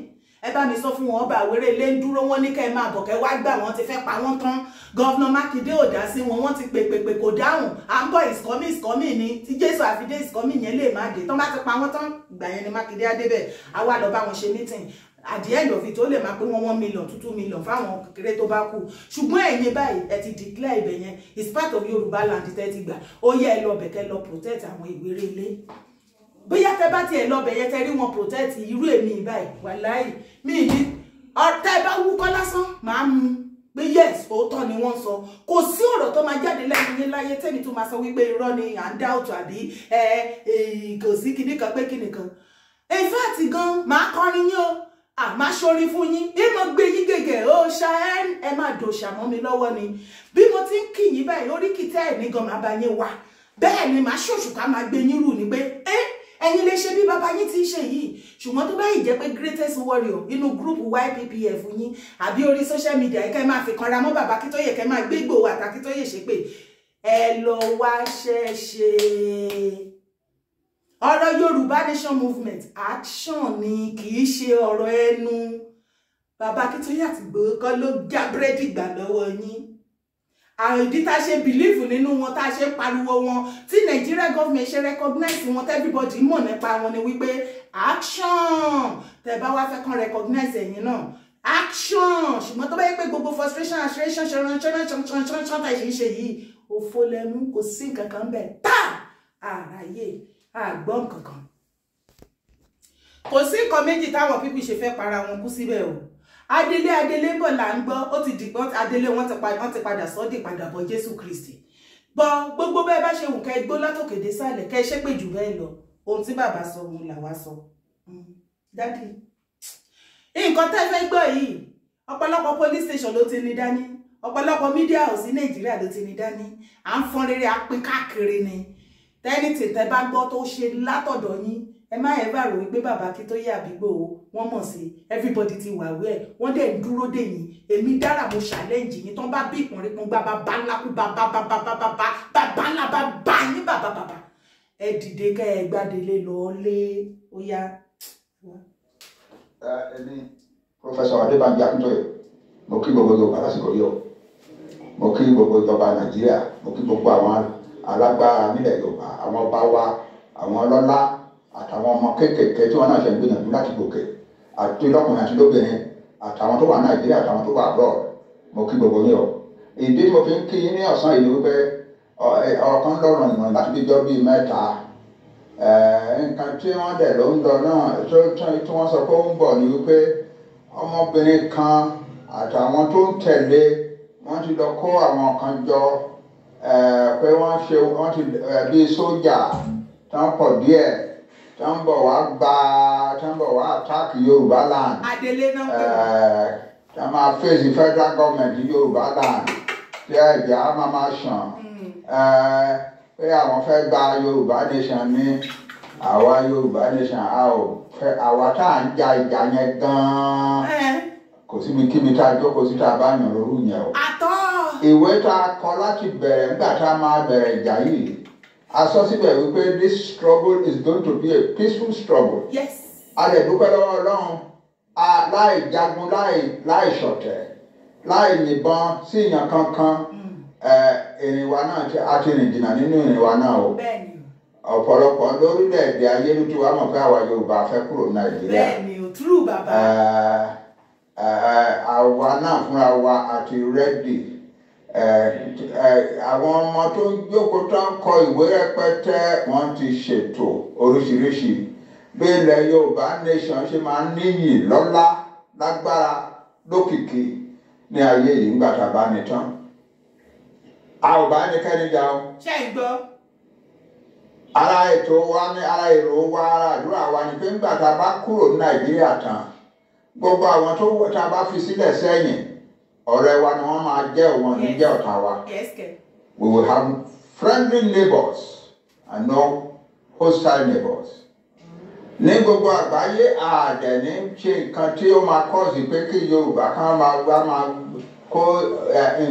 ẹ bá mi sọ fún wọn ọba ìwéré ilé ń dúró wọn ní kẹ́ ẹ máa bọ̀ kẹ́ wá gbà wọ́n ti fẹ́ pa wọ́n tán gọ́vnà mákindé ò dá sí wọn wọ́n ti pèpèpè kò dáhùn à ń bọ̀ ìsìkọ́mì ìsìkọ́mì ni tí jésù àfidé ìsìkọ́mì yẹn lè má dé tán bá ti pa wọ́n tán ìgbà yẹn ni mákindé á débẹ̀ á wá lọ bá wọn ṣe mítìn at the end of it ó lè máa pé wọ́n one million two two million fáwọn kékeré tó bá kù ṣùgbọ́n ẹ̀yin báyìí ẹ ti declare ibẹ̀ yẹn it's part of Yorùbá land tẹ́ ti gbà ó yẹ ẹ lọ bẹ̀kẹ́ lọ protect àwọn ìwéré ilé bóyá tẹ bá tiẹ̀ lọ bẹ̀yẹ tẹ rí wọn protect irú èmi báyìí wàláì mi ní ọ̀tẹ́ bá wúkọ́ lásán máa mú pé yes òótọ́ ni wọ́n sọ kò sí ọ̀rọ̀ tó máa jáde lẹ́nu yín láyé tẹ́mi tó máa sọ wípé irọ́ ni à ń dáòtò àbí kò sí kinní kan pé kinní kan in fact gan máa kọrin yín o àmá ah, sórí fún yín bí mo gbé yín gègé ó ṣá ẹ máa dòṣà mọ́ mi lọ́wọ́ ni bí mo ti ń kì yín báyìí orí kìtẹ́ ẹ̀ ní gan máa bá yín wá bẹ́ẹ̀ ni màá ṣòṣùká máa gbé yín rù ni pé ẹ́ ẹ̀yin lè ṣe bí bàbá yín ti ṣe yìí ṣùgbọ́n tó bá jẹ́ pé greatest warrior inú gúrúùpù YPPF yín àbí orí social media kẹ́ máa fi kanra mọ́ bàbá Akíntóyè kẹ́ máa gbé Ìgbòho àtàkíntóyè ṣépè ẹ lọ wá ṣẹ́ṣe ọ̀rọ̀ Yorùbá Nation Movement action ni kì í ṣe ọ̀rọ̀ ẹnu bàbá Akíntóyè àti Ìgbòho kọ́ ló já búrẹ́dì gbà lọ́wọ́ yín àìdí tá a ṣe bìlíìfù nínú wọn tá a ṣe pariwo wọn tí Nigeria government ṣe recognize wọn tẹ́bíbọ̀dì mọ̀ nípa wọn ni wípé action tẹ́ bá wá fẹ́ kàn recognize ẹ̀yin náà action ṣùgbọ́n tó bá yẹ pé gbogbo frustration frustration ṣe ran ṣẹ́ran ṣan ṣan ṣan tá a ṣe ń ṣe yìí òfò lẹ́nu kò sí nǹkan kan bẹ́ẹ̀ tá àráyé àgbọ́ kankan kò sí nǹkan méjì táwọn pípì ṣe fẹ́ para wọn kú síbẹ̀ o adelé adelé bọ̀ là ń gbọ́ ó ti dìgbọ́ adelé wọn ti padà sọ́dí padà bọ̀ Jésù Kristi bọ gbogbo bẹ́ẹ̀ bá ṣe wù kẹ́ gbó látòkè dé sàlẹ̀ kẹ́ ṣe pé jù bẹ́ẹ̀ lọ ohun tí bàbá sọ òun làwa sọ hmm. dádì nǹkan tẹ́ fẹ́ gbọ́ yìí ọ̀pọ̀lọpọ̀ police station ló ti ní dání ọ̀pọ̀lọpọ̀ media house ní Nàìjíríà ló ti ní dání à ń fọn rere àpín káàkiri ni tẹ́nìtì tẹ́ bá gbọ́ tó ṣe látọ̀dọ̀ yín ẹ má ẹ bá rò wípé bàbá kí tó yé àbígbò o wọ́n mọ̀ sí everybody ti wà wẹ́ ẹ̀ wọ́n dẹ̀ ń dúró dè yín èmi dára mo ṣàlẹ́ǹjì yín tán bá bí ìpọ̀nrín pọ́n gbá bàbá ńlá kú bàbá bàbá bàbá bàbá ńlá bàbá yín bàbá bàbá ẹ dìde ká ẹ gbàdélé lọ lé ó yá. ẹni pọfẹsọ Adébánjí Akíntóyè mo kí gbogbo Yorùbá lásìkò yìí o mo kí gbogbo ìjọba Nàìjíríà mo kí gbogbo àwọn alágbára nílẹ̀ yorùbá àwọn ọba wa àwọn ọlọ́lá àtàwọn ọmọ kéékèèké tí wọn náà ṣe ń gbìyànjú láti gòkè àti lọ́kùnrin àti lóbìnrin àtàwọn tó wà nàìjíríà àtàwọn tó wà abroad mo kí gbogbo yín o ìdí tí mo fi ń kí yín ní ọ̀sán yìí ni wípé ọkàn lọ́rùn ìmọ̀ láti bíjọ́ bíi mẹ́ta nǹkan tí wọ́n dẹ̀ ló ń lọ náà tí wọ́n sọ pé ó ń bọ̀ ni wípé ọmọbìnrin kan àtàwọn tó ń tẹ̀lé wọ́n ti lọ kó àwọn kan jọ Eh, pé wọ́n ṣe wọ́n ti eh, bí sójà tó ń pọ̀ díẹ̀ tó ń bọ̀ wá gba tó bọ̀ wá attack Yorùbá land. Adélé náà ń pè wọ́n. Eh, tó máa fèsì federal government Yorùbá land tí ẹ̀jẹ̀ á máa máa sàn hmm. pé àwọn fẹ́ gba Yorùbá nation ní àwa Yorùbá nation a ò fẹ́ àwa tá à ń ja ìjà yẹn gan-an kò síbi kíbi tá a jókòó sí tá a bá yàn lóru yẹn o. àtọ́. ìwé tá a kọ láti bẹ̀rẹ̀ nígbà tá a máa bẹ̀rẹ̀ ìjà yìí a sọ síbẹ̀ wípé this struggle is going to be a peaceful struggle. yes. a lè dúpẹ́ lọ́wọ́ ọlọ́run láì jagun láì ṣọ̀tẹ̀ láì yìnbọn sí èèyàn kankan hmm. ìrìn wa náà àti ìrìn jìnnà nínú ìrìn wa náà o. bẹ́ẹ̀ni ọ̀pọ̀lọpọ̀ lórílẹ̀‐èdè ayélujára mọ̀ pé àwa Yorùbá fẹ́ kúrò Nàìjíríà. bẹ́ẹ̀ni o túrú bàbá. Eh, àwa náà fúnra wa àti rẹ́dì eh, eh, àwọn ọmọ tó ń jókòó tó ń kọ ìwé rẹpẹtẹ wọ́n ti ṣètò oríṣiríṣi bí ilẹ̀ Yorùbá nation ṣe máa ń níyì lọ́lá lágbára lókìkí ní ayé yìí ńgbà tá a bá ní tán a ò bá ẹnikẹ́ni jà o. ṣé ẹ gbọ́. ara ètò wa ní ara èrò wa ara àdúrà wa ni pé ńgbà tá a bá kúrò ní Nàìjíríà tán gbogbo àwọn tó wọ tá a bá fi sílẹ̀ sẹ́yìn ọ̀rẹ́ wa ni wọ́n máa jẹ́ òun ní jẹ́ ọ̀tá wa we will have friendly neighbors and no hostile neighbors ní gbogbo àgbáyé àdẹ̀ní ṣe nǹkan tí ó máa kọ́ọ̀sì pé kí Yorùbá kan máa wá máa kó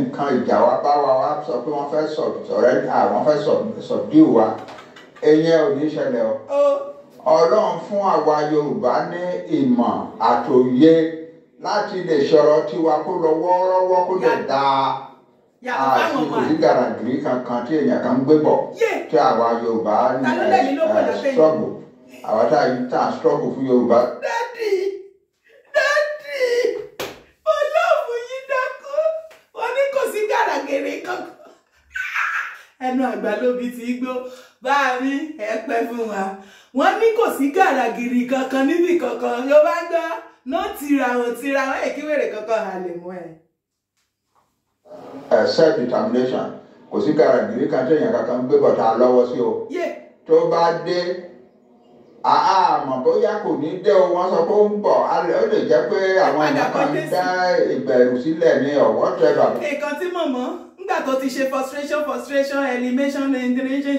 nǹkan ìjà wa bá wa wá sọ pé wọ́n fẹ́ sọ̀rẹ́ àwọn fẹ́ sọ̀díù wa ẹ̀yẹ ò ní ṣẹlẹ̀ o. Oh ọlọ́run fún àwa yorùbá ní ìmọ̀ àtòyé láti lè sọ̀rọ̀ tiwa kó lọ wọ́ọ́rọ́wọ́ kó lè da àsìkò sí gàràgìrì kankan tí èèyàn kan ń gbé bọ̀ tí àwa yorùbá ní ṣọ́ọ̀bù eh, àwa tá a ṣọ́ọ̀bù fún yorùbá. dádì dádì ọlọ́run yìí dákú wọn ní kò sí gàràgìrì kankan ẹnu àgbà lóbi ti gbó bá a rí ẹpẹ fún wa wọ́n ní kò sí gàràgìrì kankan níbì kankan ló bá gbọ́ náà tira wọn tira wọn èkí wèrè kankan halẹ̀ mọ́ ẹ. self determination kò sí gàràgìrì kan téèyàn kankan gbé bọ̀tà lọ́wọ́ sí o tó bá dé àmọ́ bóyá kò ní dé o wọ́n sọ pé ó ń bọ̀ ó lè jẹ́ pé àwọn èèyàn kan dá ìbẹ̀rù sílẹ̀ ní ọ̀wọ́ tẹ́lẹ̀. nǹkan tí mọ̀mọ́ nígbà tó ti ṣe frustration frustration elevation elevation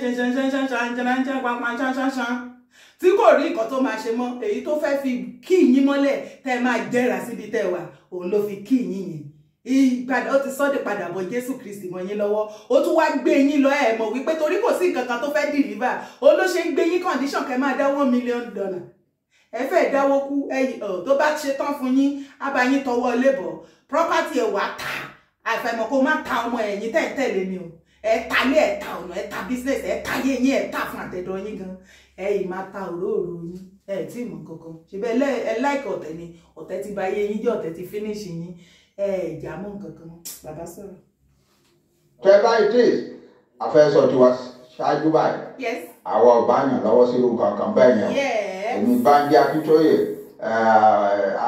ṣanṣanṣanṣanṣanṣanṣanṣanṣan tí kò rí nǹkan tó máa ṣe mọ́ èyí tó fẹ́ fi kí yín mọ́lẹ̀ tẹ́ máa jẹ́ra síbi tẹ́ wà òun ló fi kí yín yẹn ìgbàdà ó ti sọ́dì padà bọ̀ jésù kristi mọ́ yín lọ́wọ́ ó tún wá gbé yín lọ ẹ̀ mọ̀ wípé torí kò sí nǹkan kan tó fẹ́ dìrìbà ó ló ṣe ń gbé yín kọ̀ǹdíṣàn kẹ́ máa dáwọ́ mílíọ̀nù dọ́là ẹ fẹ́ dáwọ́ kú ẹ̀yìn tó bá ṣe tán fún yín á bá yín tọwọ́ lébọ̀ property ẹ̀ wá tà àfẹ̀mọ̀ kó má ta ọmọ ẹ̀yìn tẹ̀ tẹ̀lé mi o ẹ ta ilé ẹ ta ọ̀nà ẹ ta business ẹ ta yé yín ẹ ta fún àtẹ̀dọ̀ yín gan ẹ yìí má ta òróòrò yín ẹ tí ì mọ̀ kankan ṣebẹ́ ẹ láìkẹ́ ọ̀tẹ̀ ni ọ̀tẹ̀ ti ba yé yín jẹ́ ọ̀tẹ̀ ti finish yín ẹ ìjà mọ̀ kankan bàbá sọ̀rọ̀. tẹ báyìí tí àfẹsọ tiwa ṣáájú báyìí àwa ọba yàn lọ́wọ́ sí irú kankan bẹ́ẹ̀ yẹn èmi bá ń bí akíntóyè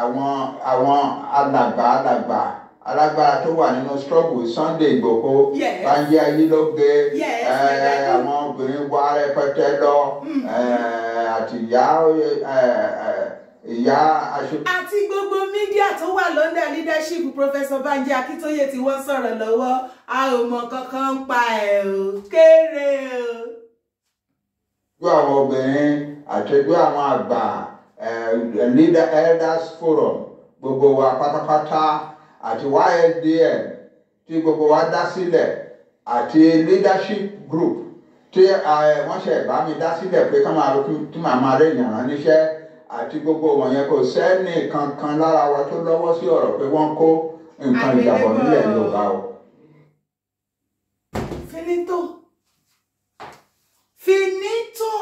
àwọn àwọn alàgbà alàgbà alágbára tó wà nínú struggle Sunday Igboho Banji Ayiloke eh, àwọn obìnrin wa rẹpẹtẹ lọ mm. eh, àti ìyá eh, ìyá aṣọ. àti gbogbo mídíà tó wà lọ́ndà leadership Professor Banji Akíntóyè tí wọ́n sọ̀rọ̀ lọ́wọ́ a ò mọ kankan ń pa ẹ̀ o kéré o. gbọ́ àwọn obìnrin àtẹ̀gbọ́ àwọn àgbà leaders forum gbogbo wa pátápátá àti YSDM tí gbogbo wa dá sílẹ̀ àti leadership group tí wọ́n ṣe bá mi dá sílẹ̀ pé ká máa tún máa máa rẹ̀ yàrá níṣẹ́ àti gbogbo wọ̀nyẹn kò sẹ́ni kankan lára wa tó lọ́wọ́ sí ọ̀rọ̀ pé wọ́n kó nǹkan ìjàbọ̀ nílẹ̀ Yorùbá o. finito finito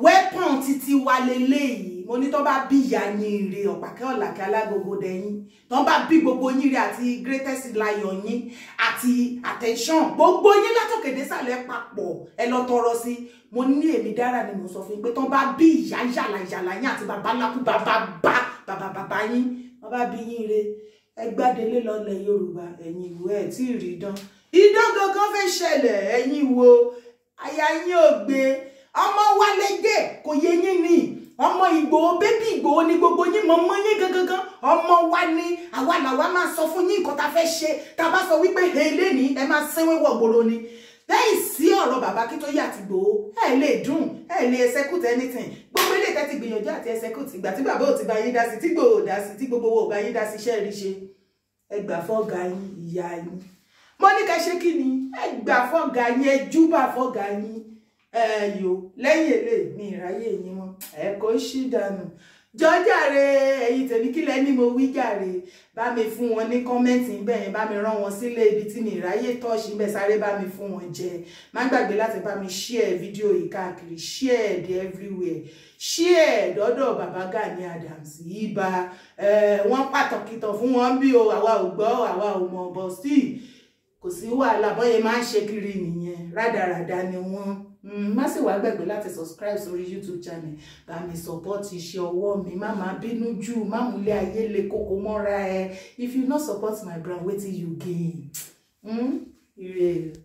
wẹ́pọ̀n títí wa leléyìí mo ní tó bá bí ìyá yín ire ọ̀pàkẹ́ ọ̀làkẹ́ alágogo dẹ̀yìn tó bá bí gbogbo yín ire àti greatest lion yín àti attention gbogbo yín látòkè désàlẹ̀ papọ̀ ẹ lọ tọrọ sí mo ní èmi dára ni mo sọ fún yín pé tó bá bí ìyá yàlà yàlà yín àti bàbá lákú bàbá bá bàbá bàbá yín wọn bá bí yín ire ẹgbàdélé lọlẹ Yorùbá ẹ̀yin ìwò ẹ tí ì rí dán idán gangan fẹ́ ṣẹlẹ̀ ẹ̀yin ìwò àyà yín ò gbé òye yín ni ọmọ Ìgbòho bébí Ìgbòho ni gbogbo yín mọ mọ yín gangan ọmọ wa ni àwa làwa máa sọ fún yín nǹkan tá fẹ́ ṣe tá bá sọ wípé èlé ni ẹ máa sẹ́wọ́n wọ̀gbòrò ni lẹ́yìn sí ọ̀rọ̀ bàbá kí tó yà ti gbòó ẹ̀ lè dùn ẹ̀ lè execute anything gbogbo ilé ìtẹ́ ti gbìyànjú àti execute ìgbà tí bàbá ò ti bá yín dá sí tí gbòó dá sí tí gbogbo ò bá yín dá sí iṣẹ́ rí ṣe ẹ gbà fọ́gà yín ìyá yín mo ní ká ṣe kí ni ẹ gbà fọ́gà yín ẹ júbà fọ́gà yín ẹyọ lẹ́yìn èlé mi ìráyè yín mọ́ ẹ̀kọ́ ṣì dànù jọjàre ẹ̀yin tèmi kílẹ ni mo wí jàre bá mi fún wọn ní kọmẹǹtì ńbẹ yẹn bá mi rán wọn sílé ibi tí mi ìráyè tọ́ọ̀ṣì ńbẹ sáré bá mi fún wọn jẹ má gbàgbé láti bá mi share fídíò yìí káàkiri share dé everywhere share dọ́dọ̀ bàbá Gani Adams ibà wọ́n pàtàkìtàn fún wọn bí o àwa ò gbọ́ àwa ò mọ̀ bọ̀ sí kò sí wàhálà bọ́yẹn máa ń ṣe kiri nìyẹn rádaràda ni wọ́n. Mm, má sì wá gbàgbé láti subscribe sórí youtube channel bá mi support iṣẹ́ ọwọ́ mi má má bínú jù má múlẹ̀ ayé le kókó mọ́ra ẹ if you no support my brand wetin you gain. Mm? Ire.